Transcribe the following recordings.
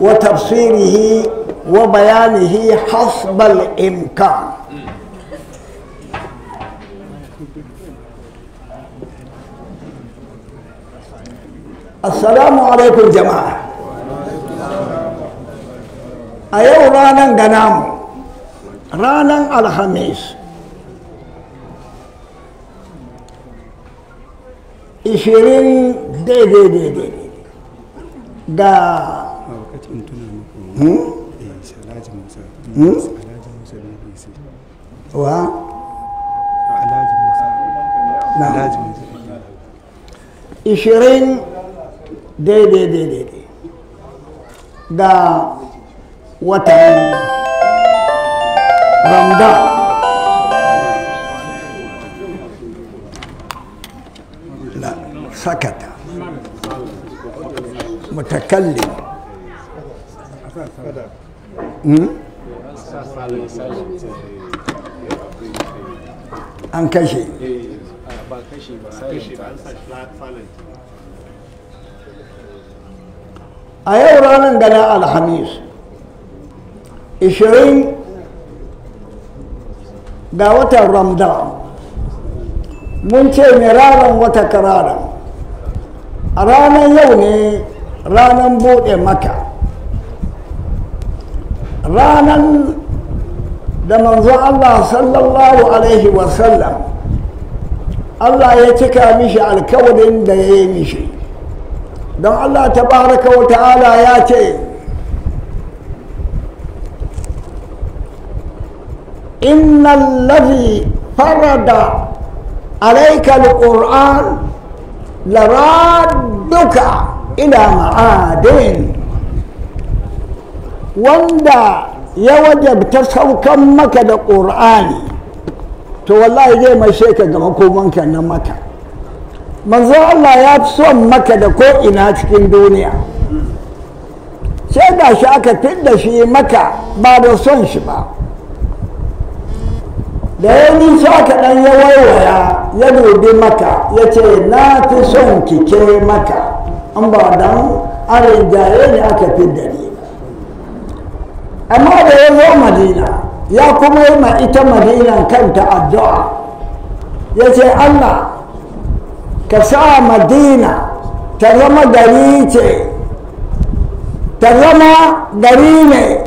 وتفسيره وبيانه حسب الإمكان Assalamu alaikum jama'a. A yau ranar da ranar Alhamis, ishirin daidai daidai da alhaji musa alhaji musa bbc wa alhaji musa alhaji musa ishirin daidai daidai da watan ramdan سكت متكلم an kashe a yau ranar gana alhamis 20 ga watan ramadan mun ce miraran wata kararan a ranar yau ne ranar buɗe maka ranan da manzo Allah sallallahu alaihi wasallam Allah ya cika mishi alkawarin da ya yi mishi don Allah ta baraka wa ta'ala ya ce إن الذي فرض عليك القرآن لرادك إلى معاد wanda ya wajabta saukan maka da ƙur'ani to wallahi zai mashe ka ga makomanka na maka manzo Allah ya fi son maka da ko ina cikin duniya sai da shi aka da shi maka ba da son shi ba da ya nisa aka ɗan ya waiwaya ya dubi maka ya ce na fi son kike maka an ba dan arin jaye ne aka da ni amma da ya zo madina ya kuma yi ma ita madinan kanta addu'a ya ce allah ka sa madina ta zama gari ce ta zama gari ne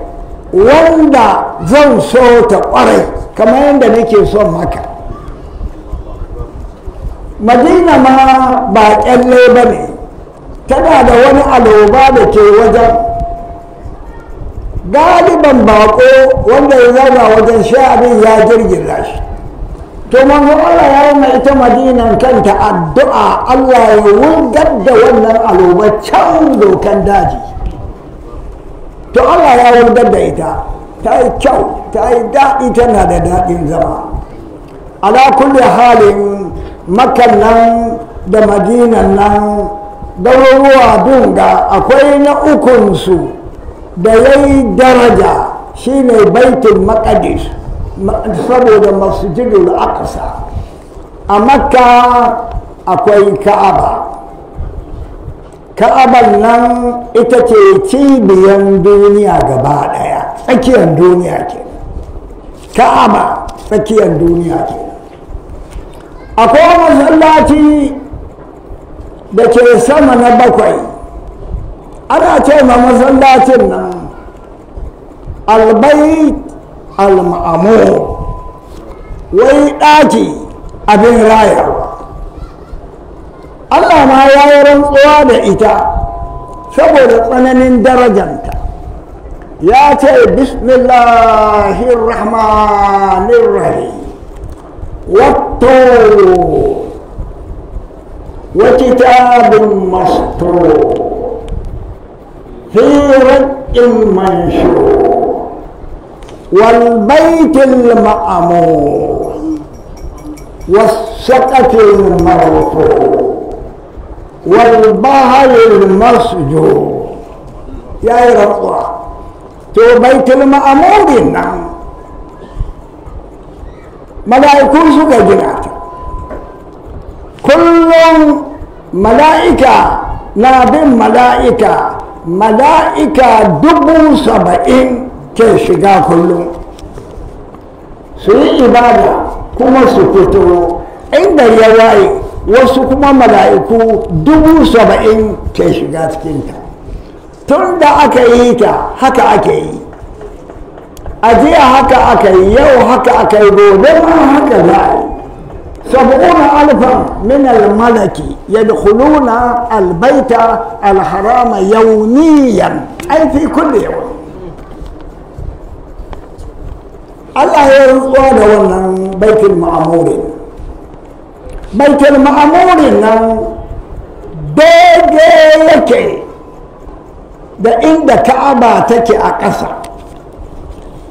wanda zan so ta kwarai kamar yadda nake son maka madina ma ba yalle ba ne tana da wani aloba da ke wajen galiban bako wanda ya zaga wajen sha'abin ya girgiza shi to manzo ya yi mai ita madinan kanta addu'a Allah ya wulgar da wannan aloba can dokan daji to Allah ya wurgar da ita ta yi kyau ta yi daɗi tana da daɗin zama ala kulli halin makan nan da madinan nan garuruwa dunga akwai na ukun su. da ya yi daraja shi ne baitin maqdis saboda masjidul aqsa a makka akwai ka'aba ka'aban nan ita ce cibiyan duniya gaba daya tsakiyar duniya ke ka'aba tsakiyar duniya ke akwai masallaci da ke sama na bakwai أنا تيما مزلاتنا البيت المأمور ويأتي أبن رايا الله ما يرون صواب إتا شبر قننين درجانتا يا تي بسم الله الرحمن الرحيم والطور وكتاب مسطور في رق منشور والبيت المأمور والسقف المرفوع والبحر المسجور يا رب تو بيت المأمور نعم ملائكة سوى جنات كل ملائكة نابن ملائكة mala'ika dubu saba'in ke shiga kullum su yi ibada kuma su fito inda ya waye wasu kuma mala'iku dubu saba'in ke shiga cikinta tun da aka yi ta haka aka yi a haka aka yi yau haka aka yi gobe haka za a yi سبعون ألفا من الملك يدخلون البيت الحرام يوميا أي في كل يوم Allah ya rantsuwa da wannan baitul ma'amurin baitul nan daidai yake da inda ka'aba take a ƙasa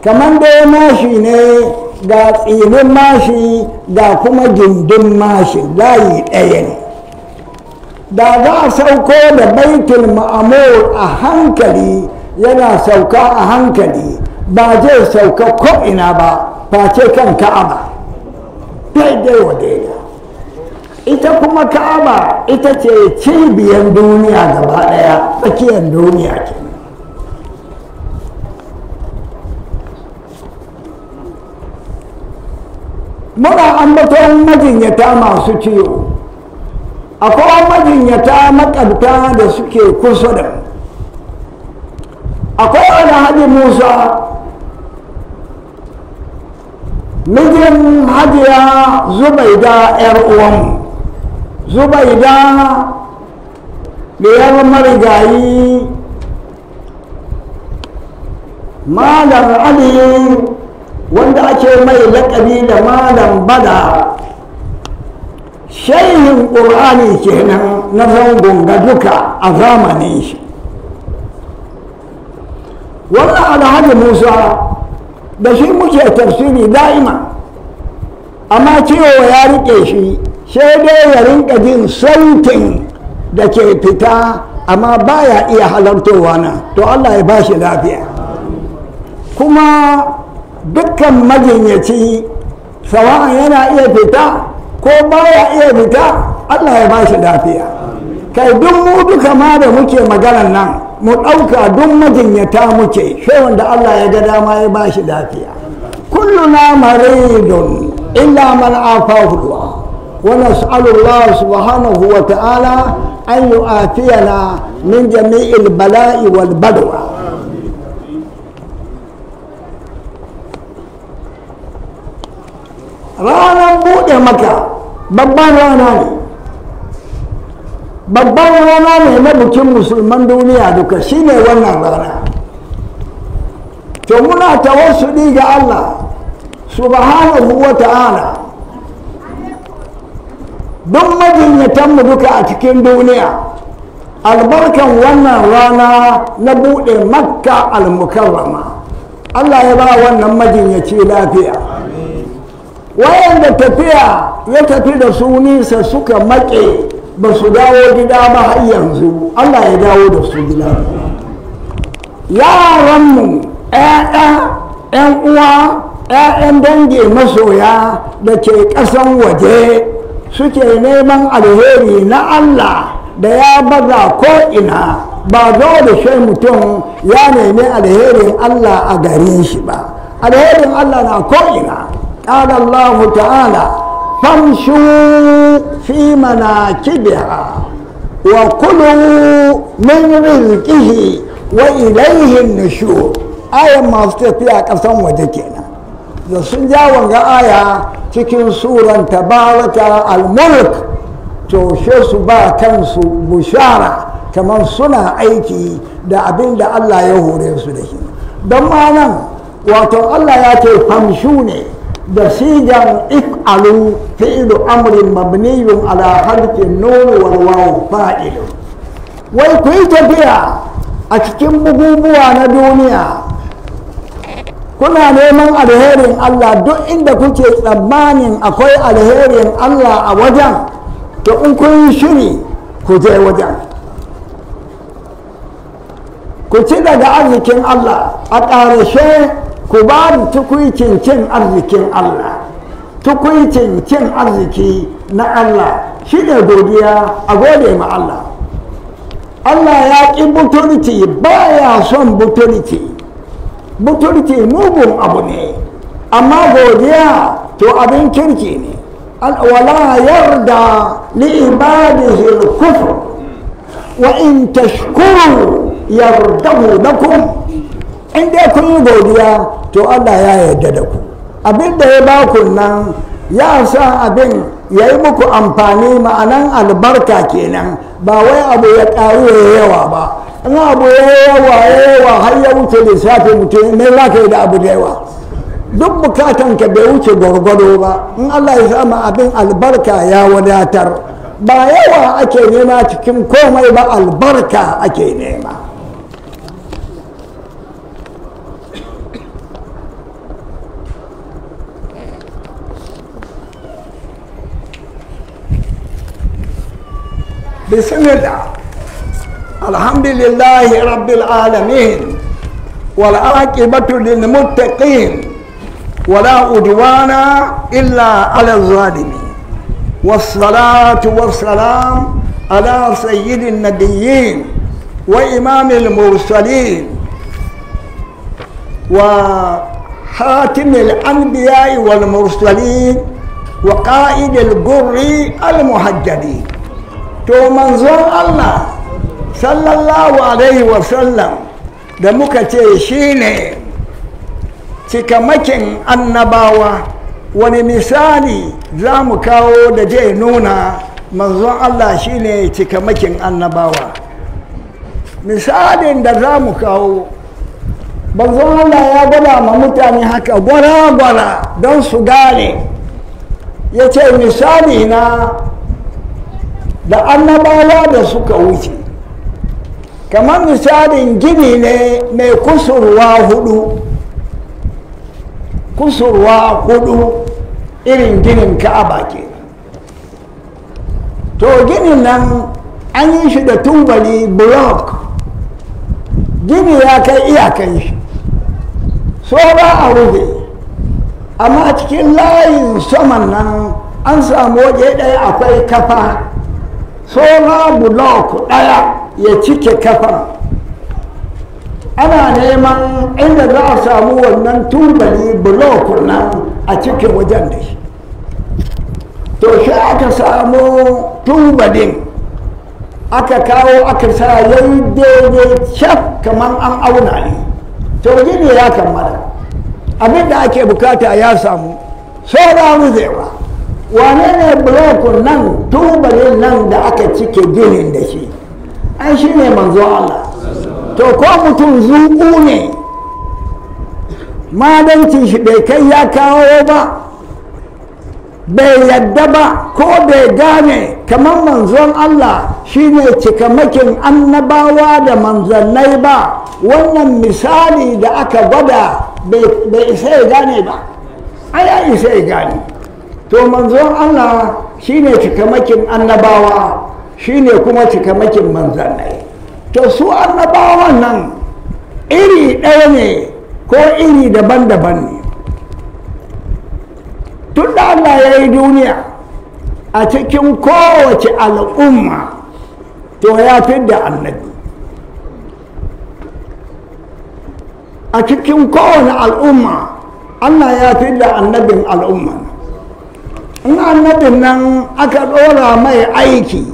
kamar da mashi ne ga tsinin mashi ga kuma gindin mashi layi ɗaya ne da za a sauko da baitul ma'amur a hankali yana sauka a hankali ba zai sauka ko'ina ba face kan ka'aba daidai wa daidai ita kuma ka'aba ita ce cibiyan duniya gaba ɗaya tsakiyar duniya ce muna ambaton majinyata masu ciwo akwai majinyata makabta da suke kusa da akwai alhaji musa mijin hajiya zubaida yar uwan zubaida biyar marigayi malar ali wanda ake mai laƙabi da malam bada shehin ƙur'ani kenan na zangon ga duka a zamanin shi wannan alhaji musa da shi muke tafsiri da'ima amma cewa ya riƙe shi sai dai ya rinka jin sautin da ke fita amma baya iya halartowa nan to allah ya ba shi lafiya kuma dukkan majinyaci sawa'an yana iya fita ko baya iya fita allah ya bashi lafiya kai duk mu duka ma da muke maganar nan mu ɗauka duk majinyata muke sai wanda allah ya ga dama ya bashi lafiya na maridun illa man afahu ونسأل ta'ala سبحانه وتعالى أن min jami'il bala'i wal ranar buɗe maka babban rana ne babban rana ne na bikin musulman duniya duka shine wannan rana to muna ta tawassuli ga Allah subhanahu wa ta'ala ya mu duka a cikin duniya albarkan wannan rana na buɗe makka al-mukarrama Allah ya ba wannan majinyaci lafiya wayanda tafiya ya tafi da su nisa suka maƙe ba su dawo gida ba har yanzu allah ya dawo da su gida yaranmu ‘ya'ya ‘yan uwa ‘ya'yan dangi masoya da ke ƙasan waje suke neman alheri na allah da ya baza ko'ina ba zo da shi mutum ya nemi alherin allah a garin shi ba alherin allah na ko'ina قال الله تعالى فامشوا في مناكبها وكلوا من رزقه وإليه النشور آية ما استطيع قسم وتكينا da sun ja wanga aya cikin suran tabaraka al-mulk to she su ba kansu bushara kamar suna aiki da abin da Allah ya hore su da shi don ma nan wato Allah ya ce famshu ne da shi jan if'alu fi'lu amrin mabniyun ala harfin nunu wal wawu fa'ilu wai ku yi tafiya a cikin bugubuwa na duniya kuna neman alherin Allah duk inda kuke tsammanin akwai alherin Allah a wajen to in kun shiri ku je wajen ku ci daga arzikin Allah a ƙarshe ku ba da tukuicin cin arzikin Allah tukuicin cin arziki na Allah shi ne godiya a gode ma Allah Allah ya ƙi butulci ba ya son butulci butulci mugun abu ne amma godiya to abin kirki ne wala yarda li'ibadihi al-kufr wa in tashkuru yardahu lakum in dai kun yi godiya to allah ya yarda da ku abin da ya ba ku nan ya sa abin ya yi muku amfani ma'anan albarka kenan ba wai abu ya ƙaru ya yawa ba in abu ya yawa ya yawa har ya wuce lissafi mutum ne za ka yi da abu da yawa duk bukatan ka bai wuce gwargwado ba in allah ya ma abin albarka ya wadatar ba yawa ake nema cikin komai ba albarka ake nema بسم الله الحمد لله رب العالمين والعاقبة للمتقين ولا أدوان إلا على الظالمين والصلاة والسلام على سيد النبيين وإمام المرسلين وحاتم الأنبياء والمرسلين وقائد الجر المهجدين to manzon Allah sallallahu alaihi wasallam da muka ce shi ne cikamakin annabawa wani misali za mu kawo da je nuna manzon Allah shi ne cikamakin annabawa misalin da za mu kawo manzon Allah ya gwada ma mutane haka gwara-gwara don su gane ya ce misali na da annabawa da suka wuce kamar misalin gini ne mai kusurwa hudu kusurwa hudu irin ginin ka'aba ke to ginin nan an yi shi da tubali block gini ya kai iyakan shi ba a rufe amma cikin layin saman nan an samu waje ɗaya akwai kafa soma bulok ɗaya ya cike kafa ana neman inda za a samu wannan tubali bulok nan a cike wajen da shi to shi aka samu tubalin aka kawo aka sa yayi daidai caf kaman an auna ne to gini ya kammala abin da ake bukata ya samu saura ruzewa wane ne nan tubalin nan da aka cike ginin da shi an shi ne manzo Allah to ko mutum zuƙu ne madancin shi bai kai ya kawo ba bai yadda ba ko bai gane kamar manzon Allah shi shine cikamakin annabawa da manzannai ba wannan misali da aka gwada bai isa ya gane ba ai ya isa ya gane to manzon Allah shi ne cikamakin annabawa shi ne kuma cikamakin manzannai to su annabawan nan iri ɗaya ne ko iri daban-daban ne tun da Allah ya yi duniya a cikin kowace al'umma to ya fi da annabi a cikin kowane al'umma Allah ya fi da annabin al'umma in annabin nan aka ɗora mai aiki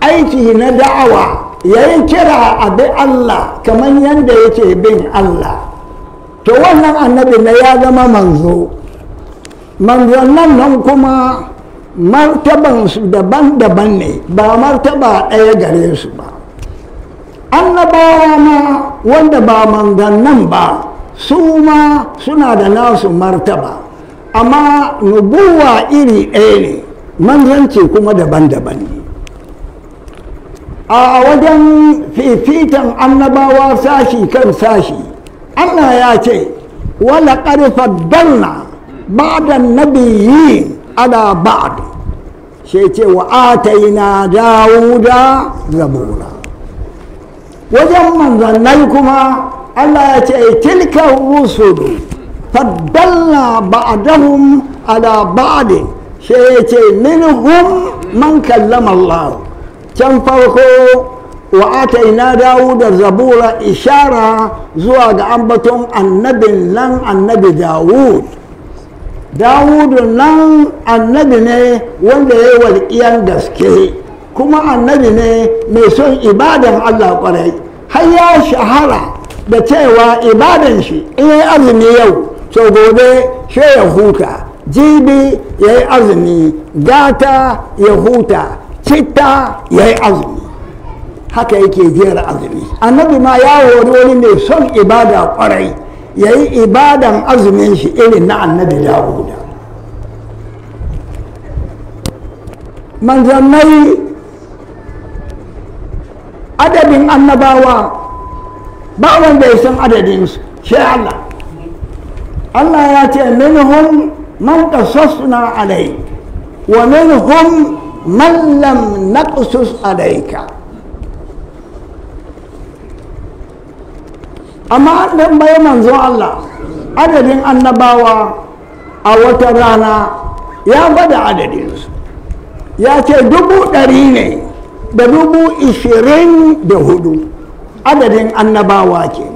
aiki na da'awa ya yi kira a bi Allah kamar yadda yake bin Allah to wannan annabi na ya zama manzo manzon nan kuma martabansu daban-daban ne ba martaba ɗaya gare su ba annabawa ma wanda ba nan ba su ma suna da nasu martaba amma nubuwa iri ɗaya ne manzanci kuma daban-daban ne a wajen fifitan annabawa sashi kan sashi allah ya ce wala ƙarfa danna ba da yi ala ba'd shi ce wa ataina dawuda zabura wajen manzannai kuma allah ya ce tilka rusulu faddalla ba'dahum ala ba'd sai ya ce minhum man kallama Allah can farko wa ataina dawuda zabura ishara zuwa ga ambaton annabin nan annabi dawud dawudu nan annabi ne wanda ya yi walƙiyar gaske kuma annabi ne mai son ibadan allah kwarai har ya shahara da cewa ibadan shi in yi azumi yau to gobe she ya huta jibi ya yi azumi gata ya huta citta ya yi azumi haka yake jera azumi annabi ma ya hori wani mai son ibada kwarai ya yi ibadan azumin shi irin na annabi dawuda manzannai adadin annabawa ba wanda ya san adadin shi Allah Allah ya ce minhum man qasasna alayk wa minhum man lam naqsus alayka amma dan bai manzo Allah adadin annabawa a wata rana ya gwada adadinsu ya ce dubu ɗari ne da dubu ishirin da hudu adadin annabawa ke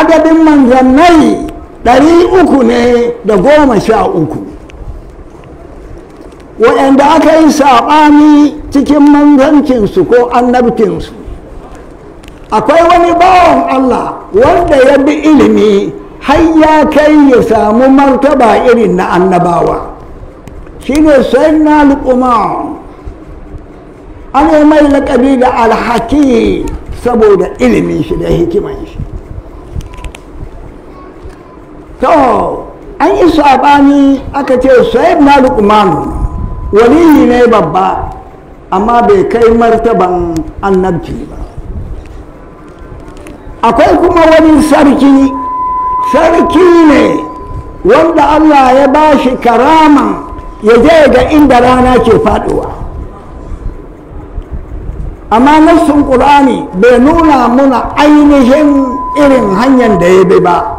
adadin manzannai ɗari uku ne da goma sha uku waɗanda aka yi saɓani cikin manzancinsu ko annabcinsu akwai wani bawan Allah wanda ya bi ilimi har ya kai ya samu martaba irin na annabawa shine sai na luƙuma an yi mai laƙabi da alhaki saboda ilimin shi da hikimanshi shi to an yi sabani aka ce sa'ib na lukman waliyi ne babba amma bai kai martaban annabci ba akwai kuma wani sarki sarki ne wanda allah ya ba shi karama ya je ga inda rana ke faduwa amma nassun ƙulani bai nuna muna ainihin irin hanyar da ya bi ba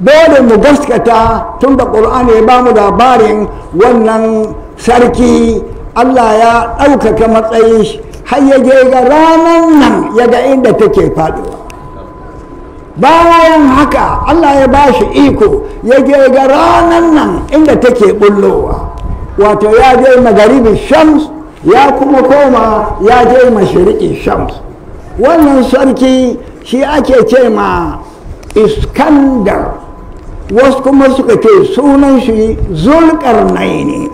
dole mu gaskata tun da ƙur'ani ya bamu labarin wannan sarki allah ya ɗaukaka matsayi har ya je ga ranar nan ya ga inda take faɗuwa bayan haka allah ya ba shi iko ya je ga ranar nan inda take ɓullowa. wato ya je magaribi shams ya kuma koma ya je mashiriki shams wannan sarki shi ake ce ma iskandar wasu kuma suka ce sunan shi zulƙarnai ne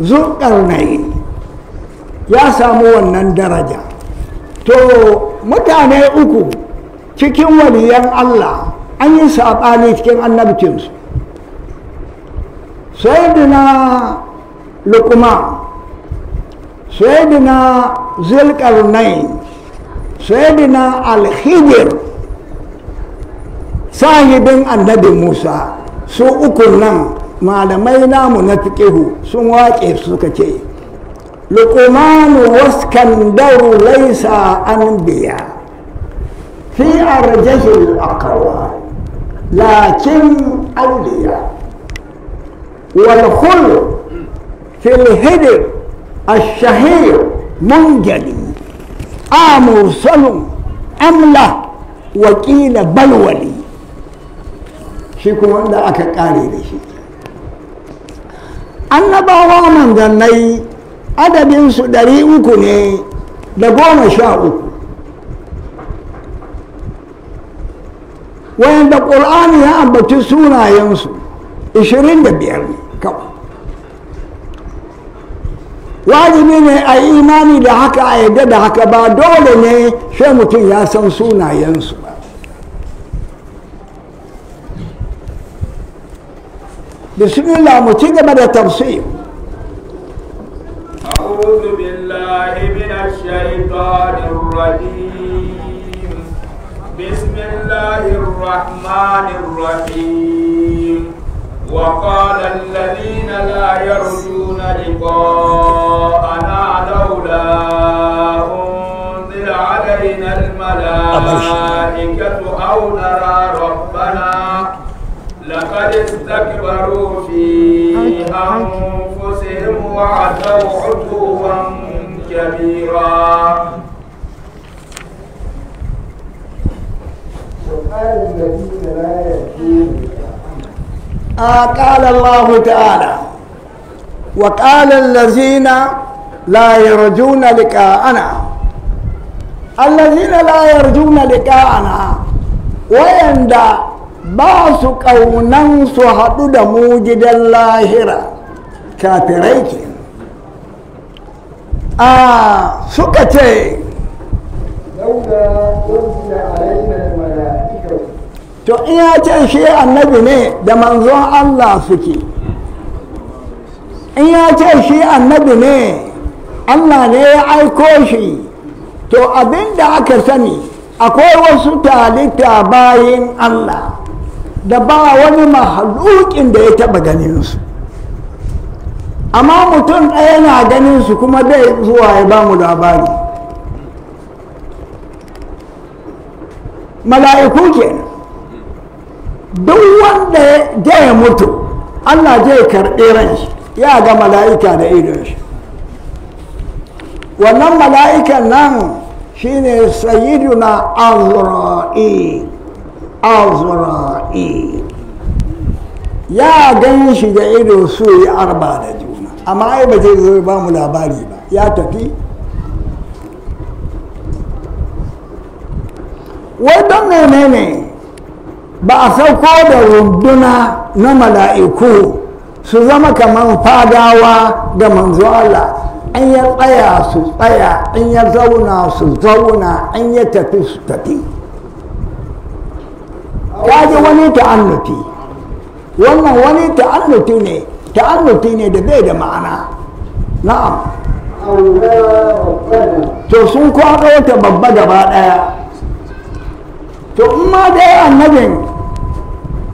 zulƙarnai ya samu wannan daraja to mutane uku cikin waliyan allah an yi saɓani cikin annabcinsu sai dina lukuma sai dina zulƙarnai sai dina alhijir sahibin annabi musa su uku nan malamai namu na fiqihu sun waƙe suka ce luqmanu waskandaru laisa anbiya fi arjahil aqwa lakin awliya wal khul fil hidr الشهير منجلي آمرسل أم له وقيل بلولي shi kuma wanda aka kare da shi annabawa manzannai adadinsu ɗari uku ne da goma sha uku wanda ƙul'ani ya ambaci sunayensu ishirin ne kawai wajibi ne a imani da haka a yadda da haka ba dole ne shi mutum ya san sunayensu بسم الله من التفسير أعوذ بالله من الشيطان الرجيم بسم الله الرحمن الرحيم وقال الذين لا يرجون لقاءنا لولا أنزل علينا الملائكة أو نرى ربنا لقد استكبروا في أنفسهم وعتوا عتوا كبيرا آه قال الله تعالى وقال الذين لا يرجون لقاءنا الذين لا يرجون لقاءنا ويندى ba su ƙaunan su haɗu da mu gidan lahira kafirai ke a suka ce to in ce shi annabi ne da manzon Allah suke in ya ce shi annabi ne Allah ne ya aiko shi to abin da aka sani akwai wasu talita bayin Allah da ba wani mahalukin da ya taba ganinsu amma mutum ɗaya na ganinsu kuma bai zuwa ya ba mu labari mala'iku ke duk wanda ya mutu allah zai karɓi ranshi ya ga mala'ika da ido shi wannan mala'ikan nan shine sayiduna azra'i azra'i ya gan shi da ido su ya arba da juna amma ai ba zai zo ba mu labari ba ya tafi wai don mene ne ba a sauko da runduna na mala'iku su zama kamar fadawa da manzo Allah an ya tsaya su tsaya an ya zauna su zauna an ya tafi su tafi wani ta'annuti wannan wani ta'annuti ne ta'annuti ne da bai da ma'ana na'am to sun kwaɗo ta babba gaba ɗaya to in ma dai annabin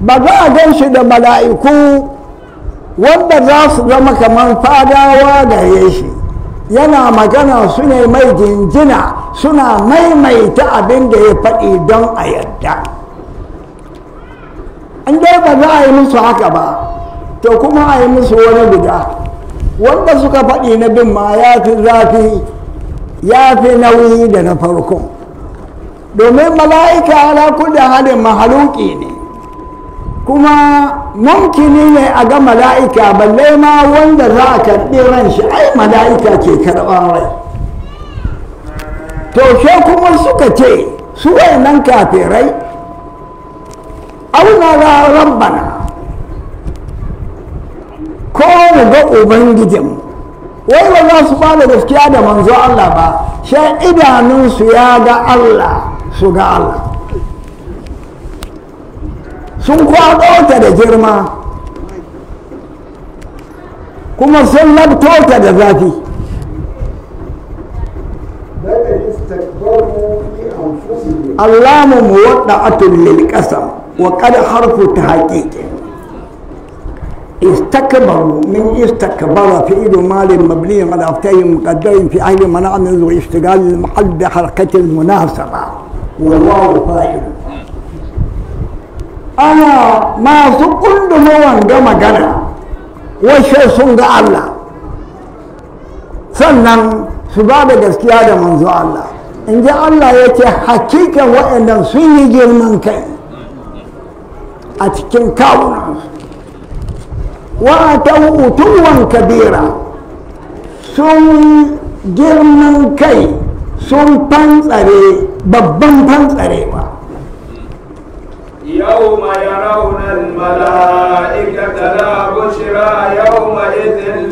ba za a gan shi da mala'iku wanda za su zama kamar fadawa gare shi yana magana su ne mai jinjina suna maimaita abin da ya faɗi don a yadda. an dai ba za a yi musu haka ba to kuma a yi musu wani guda wanda suka faɗi na bin ma ya fi zafi ya fi nauyi da na farko domin mala'ika ala kudin halin mahaluki ne kuma mumkini ne a ga mala'ika balle ma wanda za a karɓi ran shi ai mala'ika ke karɓar rai to kuma suka ce su nan kafirai auna za rabbana ko mu ga ubangijin wai ba za su fara gaskiya da manzo Allah ba shi idanunsu ya ga Allah su ga Allah sun kwaɗo ta da girma kuma sun labto ta da zafi Allah mu wadda atul lil qasam وقد حرف تحقيق استكبروا من استكبر فعل مال مبني على افتاء مقدر في اهل منع منذ اشتغال المحل بحركه المناسبه والله فاعل انا ما سكن دموان كما كان وشي سنغ الله سنن سبابه الاسكياد منذ الله ان جاء الله Allah yake hakikan waɗannan المنكر a cikin kawuna wata hutuwan kabira sun girman kai sun fantsare babban fantsare ba yau ma ya raunar mala'ika ta yau ma izin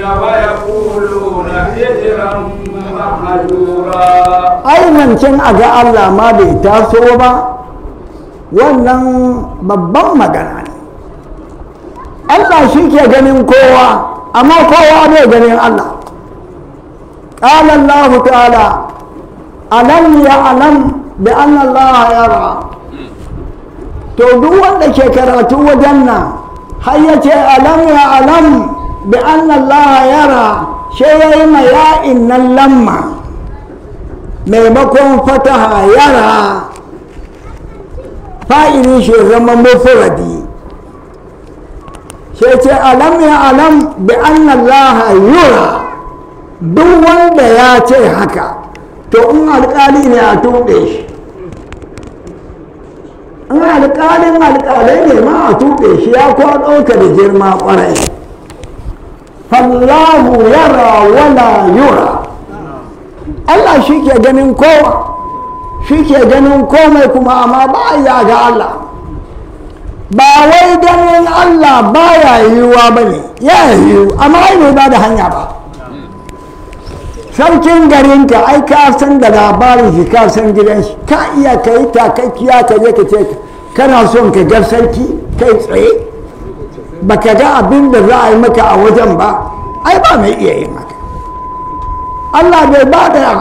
na kulu na hijiran mahajura ainihin a ga allah ma bai taso ba wannan babban magana ne allah shi ke ganin kowa amma kowa bai ganin allah قال الله alam ألم يعلم بأن الله يرى to duk wanda ke karatu wajen nan har ya ce alam ya alam bi anna allaha yara ya yayi ma ya'in nan lamma maimakon fataha yara fa'ini shi zama mufradi shace ce alam ya alam bi an Allah yura duk wanda ya ce haka to in alƙali ne a tuɗe shi in alƙalin alƙalai ne ma a tuɗe shi ya kuwa ɗauka da girma ƙwarai fallahu yara wala yura Allah shi ke ganin kowa shi ganin komai kuma amma ba ya ga Allah ba wai ganin Allah ba ya yiwuwa ba ne ya yiwu amma ai bai ba da hanya ba sarkin ka ai ka san da labarin shi ka san gidan shi ka iya ka yi takakkiya ka je ka ce kana son ka ga sarki kai tsaye baka ga abin da za a yi maka a wajen ba ai ba mai iya yi maka Allah bai ba da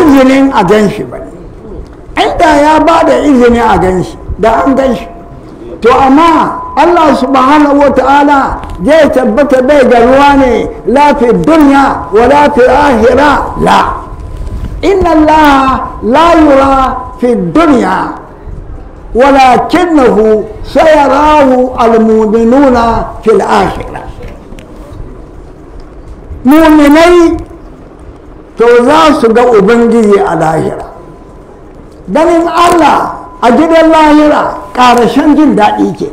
izinin a gan shi ba ai ya ba da izini a gan shi da an gan shi to amma Allah subhanahu wa ta'ala zai tabbata bai ruwa ne lafi duniya wa lafi ahira la inna Allah la yura fi dunya ولكنه سيراه المؤمنون في الآخرة مؤمني to za su ga Ubangiji a lahira ganin Allah a gidan lahira ƙarashen jin daɗi ke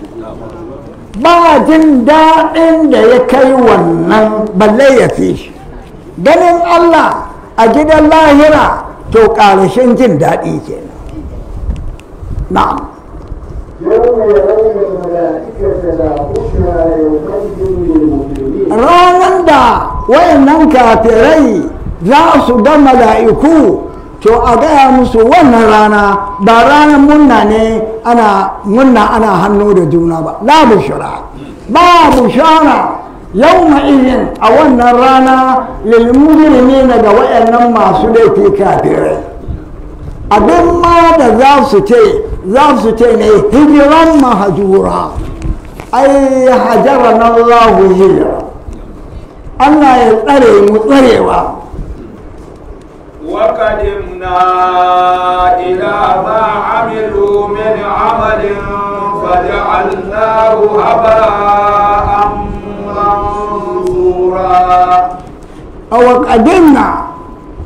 ba jin daɗin da ya kai wannan balle ya fi shi ganin Allah a gidan lahira to ƙarashen jin daɗi ke na'am ranar da wayannan kafirai za su ga mala'iku to a gaya musu wannan rana ba ranar munna ne ana munna ana hannu da juna ba la bushara ba bushara yau ma'izin a wannan rana lilmujirmi na ga waɗannan masu laifi kafirai abin ma da za su ce za su ce ne hijiran mahajura ai hajara na Allah hijira Allah ya tsare mu tsarewa وقدمنا إلى ما عملوا من عمل فجعلناه هباء منثورا أو قدمنا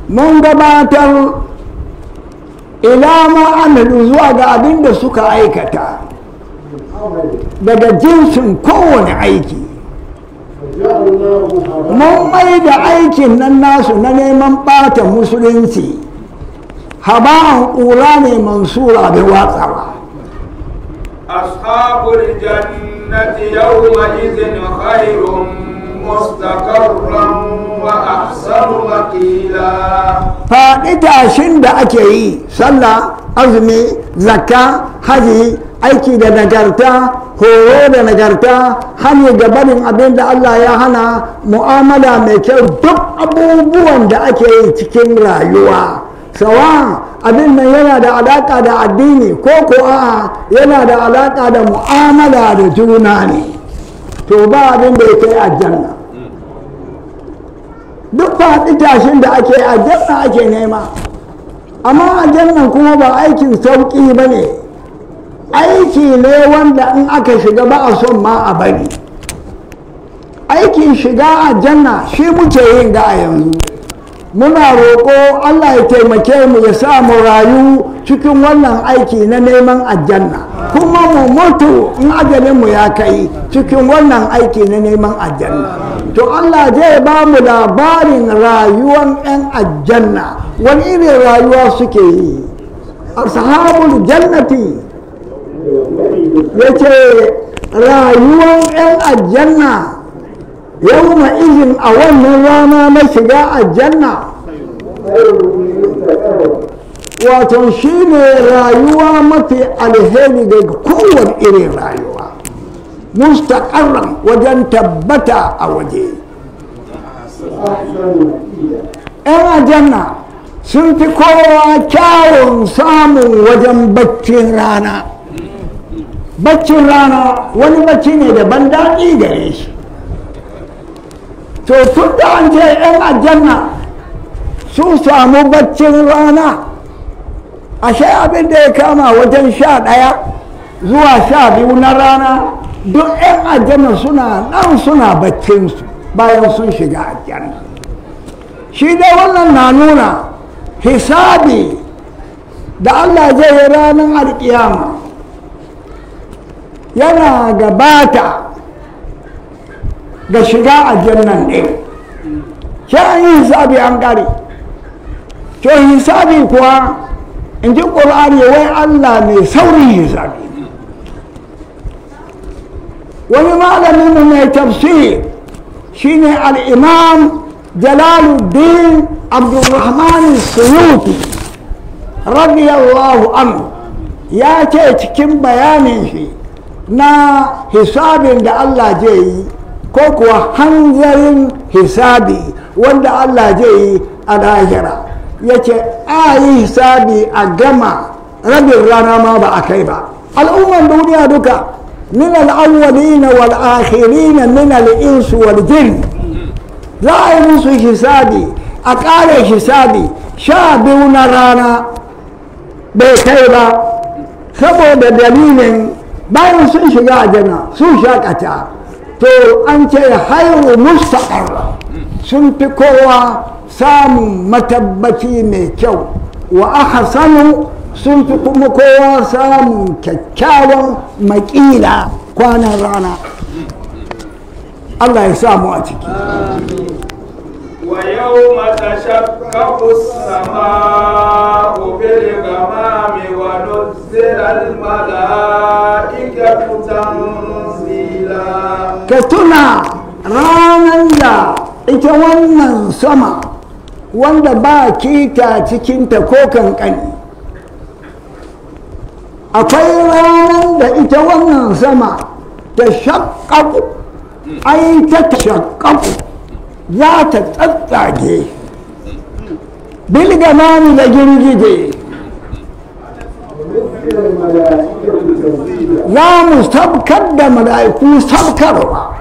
من قباتر إلى ما عملوا زواج أبين سكا أيكتا daga jinsin kowane aiki mun bai da aikin nan nasu na neman ɓata musulunci haba'an ƙura ne mansura bai watsawa ashabul jannati yawma khairun faɗi tashin da ake yi sallah azumi zakka haji aiki da nagarta horo da nagarta hanyar gabanin abin da allah ya hana mu'amala mai kyau duk abubuwan da ake yi cikin rayuwa sawa abin nan yana da alaƙa da addini ko ko a yana da alaƙa da mu'amala da juna ne to ba abin da ya kai janna. duk faɗi tashin da ake aljanna ake nema amma janna kuma ba aikin sauƙi ba ne aiki ne wanda in aka shiga ba a son ma a bari aikin shiga aljanna shi muke yin ga a yanzu muna roƙo Allah ya taimake mu ya sa mu rayu cikin wannan aiki na neman aljanna kuma mu mutu in ajalin mu ya kai cikin wannan aiki na neman aljanna to Allah zai ba mu labarin rayuwan 'yan aljanna wani irin rayuwa suke yi ashabul jannati yace rayuwan 'yan aljanna yau izin a wannan rana na shiga aljanna wato shi ne rayuwa mafi alheri ga kowane irin rayuwa mustaƙarran wajen tabbata a waje yan aljanna sun fi kowa kyawun samun wajen baccin rana baccin rana wani bacci ne daban daɗi gare shi to tun da an ce 'yan aljanna sun samu baccin rana ashe abin da ya kama wajen sha ɗaya zuwa sha biyu na rana duk 'yan aljanna suna nan suna baccinsu bayan sun shiga aljanna shi dai wannan na nuna hisabi da allah zai yi ranar alkiyama yana gabata ga shiga a jannan ɗin sai an yi hisabi an ƙare to hisabi kuwa in ji ƙur'ani wai allah ne saurin hisabi wani malamin mu mai tafsir ne al'imam jalaluddin abdulrahman suyuti radiyallahu anhu ya ce cikin bayanin shi na hisabin da allah zai yi ko kuwa hanzarin hisabi wanda Allah zai yi a lahira ya ce a yi hisabi a gama rabin rana ma ba a kai ba al'umman duniya duka min al'awwalina wal akhirina min al'insu wal jin za a yi musu hisabi a ƙara hisabi sha biyu na rana bai kai ba saboda dalilin bayan sun shiga a jana sun shakata to an ce hairu mustaqar sun fi kowa samun matabbaci mai kyau wa ahsanu sun fi kuma kowa samun kyakkyawan makila kwanan rana Allah ya samu a ciki wa yau mata sama obere gama mai wa nuzirar mala'ikatu ka tuna ranar da ita wannan sama wanda ba kita cikinta ko kankani akwai ranar da ita wannan sama ta shakkaku ai ta shakkaku za ta tsatsage bilgamani da girgije za mu sabkar da mala'iku sabkarwa ba.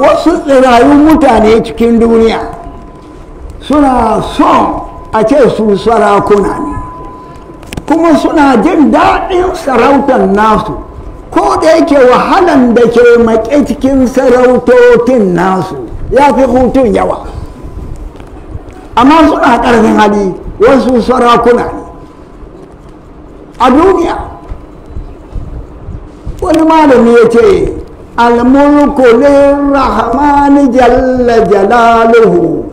wasu tsirayun mutane cikin duniya suna son a ce su sarakuna ne kuma suna jin daɗin sarautar nasu ko da yake wahalan da ke maƙe cikin sarautotin nasu ya fi hutun yawa amma suna ƙarfin hali wasu sarakuna ne a duniya wani malami ya ce almulku lirrahmani jalla jalaluhu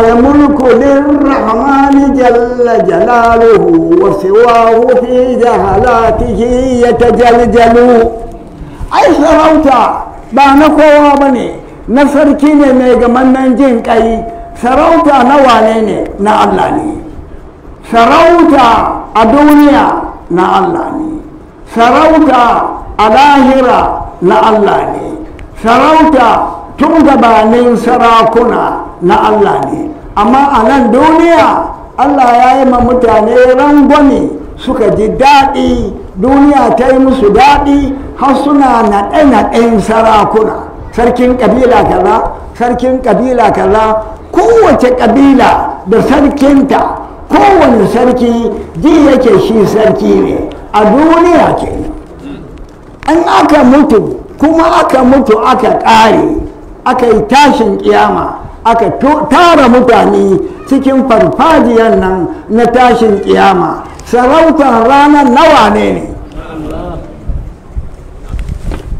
الملك للرحمن جل جلاله وسواه في جهلاته يتجلجل ai sarauta ba na kowa ba ne na sarki ne mai gamannan jin kai sarauta na wane ne na allah ne sarauta a duniya na allah ne sarauta a lahira na allah ne sarauta tun gabanin sarakuna na Allah ne amma a nan duniya Allah ya yi ma mutane rangwani suka ji daɗi duniya ta yi musu daɗi har suna naɗe-naɗen sarakuna sarkin ƙabila kaza sarkin ƙabila kaza kowace ƙabila da sarkinta kowane sarki ji yake shi sarki ne a duniya ke in aka mutu kuma aka mutu aka ƙare aka yi tashin ƙiyama aka tara mutane cikin farfajiyar nan na tashin kiyama sarautar ranar nawa ne ne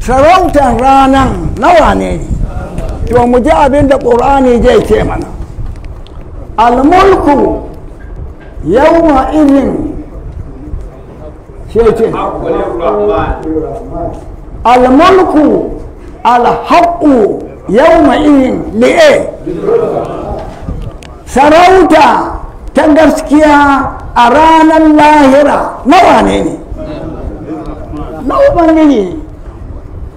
sarautar ranar nawa ne ne to mu ji abin da ƙorani zai ce mana almulku yau ma izin ce almulku alhaƙu yawma'in li'e sarauta ta gaskiya a ranar lahira nawa ne ne ne? ubangiji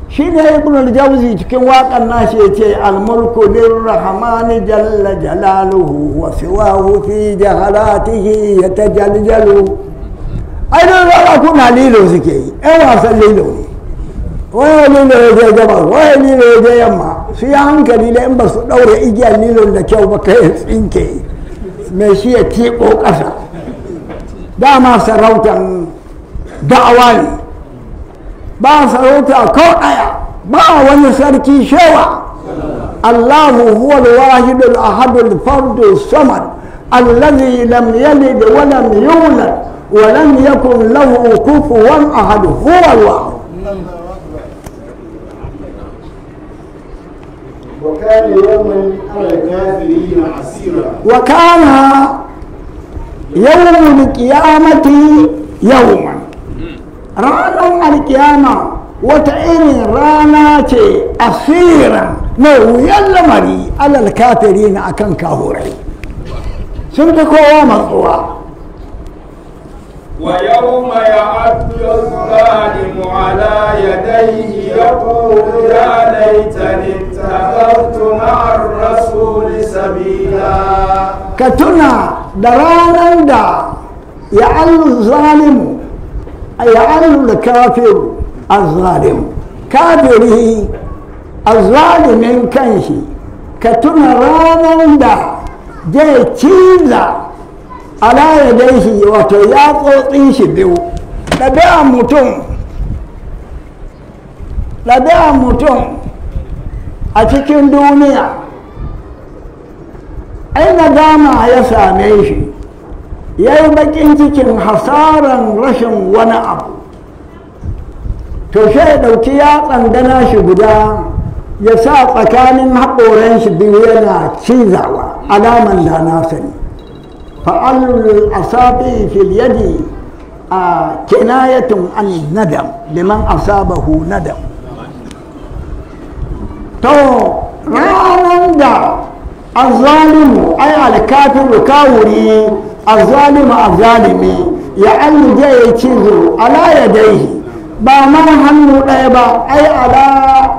shi ne ibn jauzi cikin waƙan nashi ya ce almulku lirrahmani jalla jalaluhu wa siwahu fi jahalatihi jaljalu? ai don rawa kuna lilo suke yi ɗan wasan lilo ne wani ne ya je gabas wani ne ya je yamma su yi hankali da in ba su ɗaure igiyar nilon da kyau ba kai tsinke mai shi ya teɓo ƙasa dama sarautan da'awa ne ba sarauta ko ɗaya ba wani sarki shewa allahu huwa al-wahidul ahadul fardu samad allazi lam yalid wa lam yulad wa lam yakun lahu kufuwan ahad huwa allah وكان يوما على الكافرين عسيرا وكان يوم القيامة يوما رانا القيامة وتعين رانا أخيرا نو يلا مري على الكافرين أكن كهوري يوم الضوء ويوم يعد الظالم على يديه يقول يا ليتني اتخذت مع الرسول سبيلا كتنا درانا دا يعل الظالم يعل الكافر الظالم كافره الظالم كنشي كتنا رانا دا جاي تشيزا على يديه وتياقو طيش بيو ɗabi'an mutum ɗabi'an mutum a cikin duniya inda dama ya same shi ya yi bakin cikin hasaran rashin wani abu to shi ya ɗauki ya tsangana shi guda ya sa tsakanin haƙoran shi biyu yana cizawa alaman da na sani fa'alul asabi fil yadi a kinayatun an nadam liman asabahu nadam to ranar da azalimu ai alkafiru kawuri azalimu azalimi ya allu da ya cizo ala ya daihi ba mana hannu ɗaya ba ai ala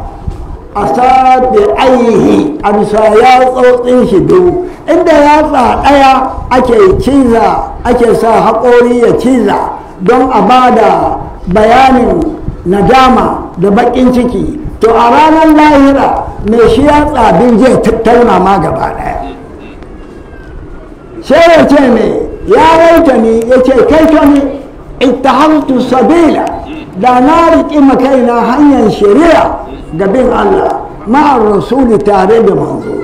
a sabi aihi a bisa ya tsotsin shi biyu inda yatsa ɗaya ake ciza ake sa haƙori ya ciza don a ba da bayanin nadama da baƙin ciki to a ranar lahira mai shi ya tsabin zai tattauna ma gaba ɗaya sai ya ce ne ya rauta ni ya ce kai to ita ittahamtu sabila da na riƙi makaina hanyar shari'a ga bin Allah ma'ar rasuli tare da manzo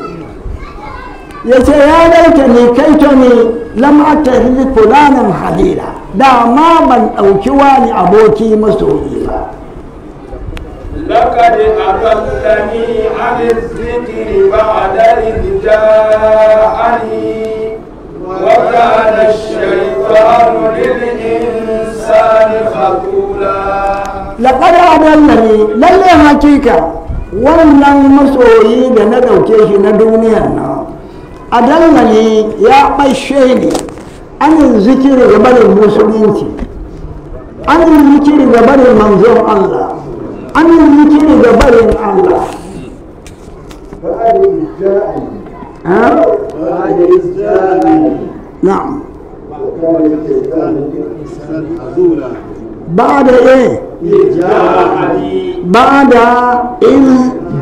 ya ce ya rauta ni kai to ni lamatar fulanin halila da ma ban ɗauki wani aboki masoyi ba لقد أبلتني عن الذكر بعد إذ جاءني وكان الشيطان للإنسان خذولا لقد أضلني للي حقيقة wannan masoyi da na ɗauke shi na duniyan nan adallani ya ɓashe ni an zikiri ga barin musulunci an zikiri ga barin manzon Allah amince ne ga barin Allah na'am بعد إيه؟ بعد إن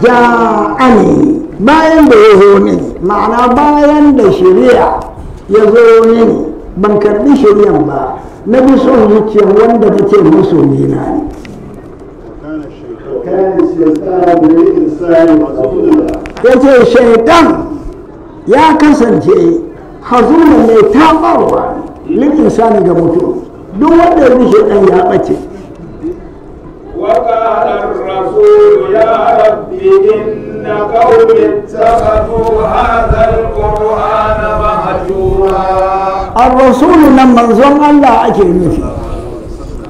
جاءني bayan da ya zo ma'ana bayan da shari'a ya zo mini ban karbi shari'an ba na bi son zuciyar wanda take musulmi na ne ya ce shaitan ya kasance hazuna mai tabarwa lil ga mutum duk wanda ya bi shaitan ya ɓace a الرسول يا رب إن قومي اتخذوا هذا لما زم الله أجل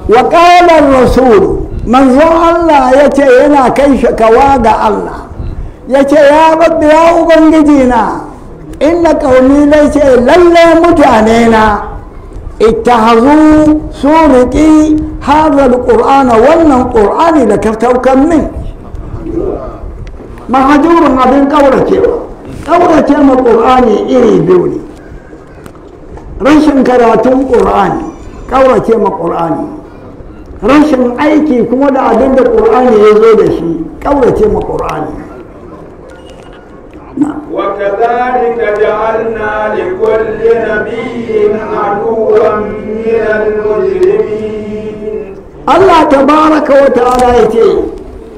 وقال الرسول manzon Allah ya ce yana kai shakawa ga Allah ya ce ya rabbi ya ubangiji na inna kauni na ce lalle mutane na ita ittahazu su riƙi hazar ƙur'ana wannan ƙur'ani da kartaukan min mahajurun abin ƙauracewa ƙaurace ma ƙur'ani iri biyu ne rashin karatun ƙur'ani ƙaurace ma ƙur'ani rashin aiki kuma da abin da ƙur'ani ya zo da shi ƙaurace ma ƙur'ani وكذلك جعلنا لكل نبي عدوا من المجرمين الله تبارك وتعالى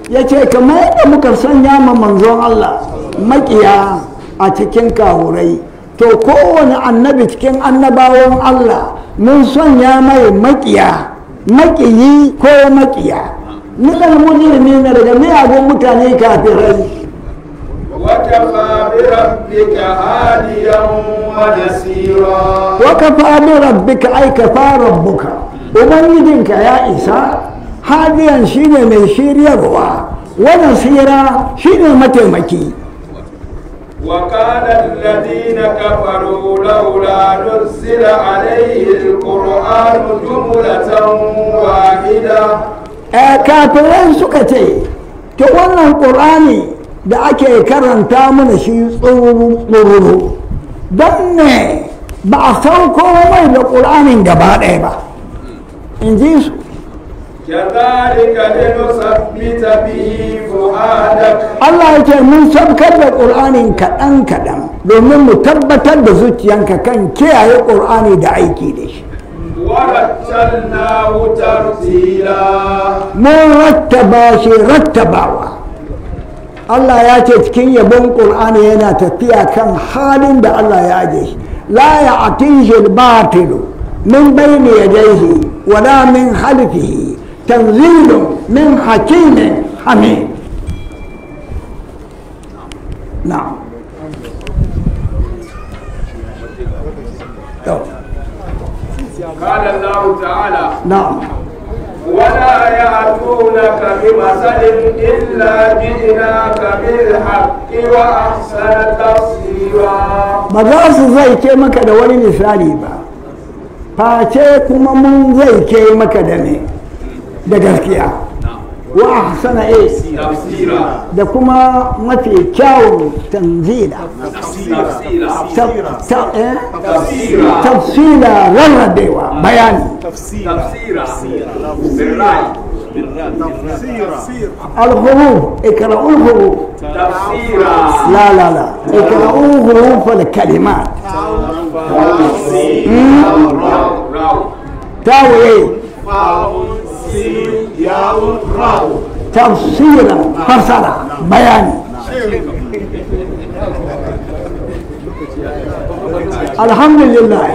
yace kamar yadda muka sanya ma manzon Allah makiya a cikin kahurai to kowane annabi cikin annabawan Allah mun sanya mai makiya maƙiyi ko maƙiya nukan mujir ne na daga miyagun mutane kafirai wa kafa bi rabbika hadiyan wa yasira wa kafa bi rabbika ya isa hadiyan shine mai shiryarwa wannan nasira shine mataimaki وقال الذين كفروا لولا نزل عليه القرآن جملة واحدة كافرين سكتي تولى القرآن da ake karanta mana shi tsururu don ne ba a san kowa mai da ƙul'anin gaba ɗaya ba in ji su ya tsari ka denu sabbita Allah ya ce mun sabkar da ƙur'anin kaɗan kaɗan domin mu tabbatar da zuciyanka kan kiyaye ƙur'ani da aiki da shi mun rattaba shi rattabawa Allah ya ce cikin yabon ƙur'ani yana tafiya kan halin da Allah ya aje shi la ya atihil batilu min bayni yadayhi la min halfihi tanzilun min hakimin hamid نعم قال الله تعالى نعم ولا يأتونك بمثل إلا جئناك بالحق وأحسن تفسيرا ما ذا سزاي كيمك دولي مثالي با فاتيكم من زي كيمك دمي ده واحسن ايه wa ahsana eh da kuma mafi غير tanzila بيان rarrabewa bayani الغروب اقرأوا الغروب تفسيرا لا لا لا اقرأوا غروب الكلمات تفسيرا تاو ايه تفصيلا راو تفسيرا بيان الحمد لله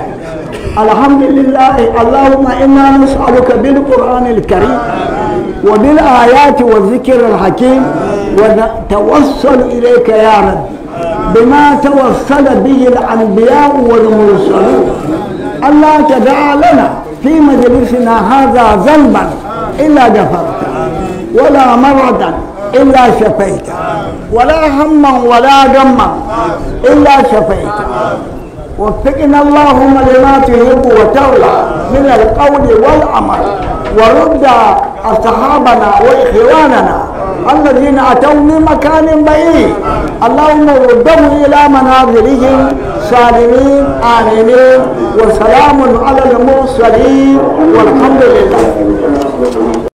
الحمد لله اللهم إنا نسألك بالقرآن الكريم وبالآيات والذكر الحكيم ونتوصل إليك يا رب بما توصل به الأنبياء والمرسلون الله تدع لنا في مجلسنا هذا ذنبا إلا غفرته ولا مرضا إلا شفيته ولا هما ولا غما إلا شفيته وفقنا اللهم لما تحب وترضى من القول والعمل ورد أصحابنا وإخواننا الذين أتوا من مكان بعيد اللهم ردهم إلى منازلهم السالمين آمين وسلام على المرسلين والحمد لله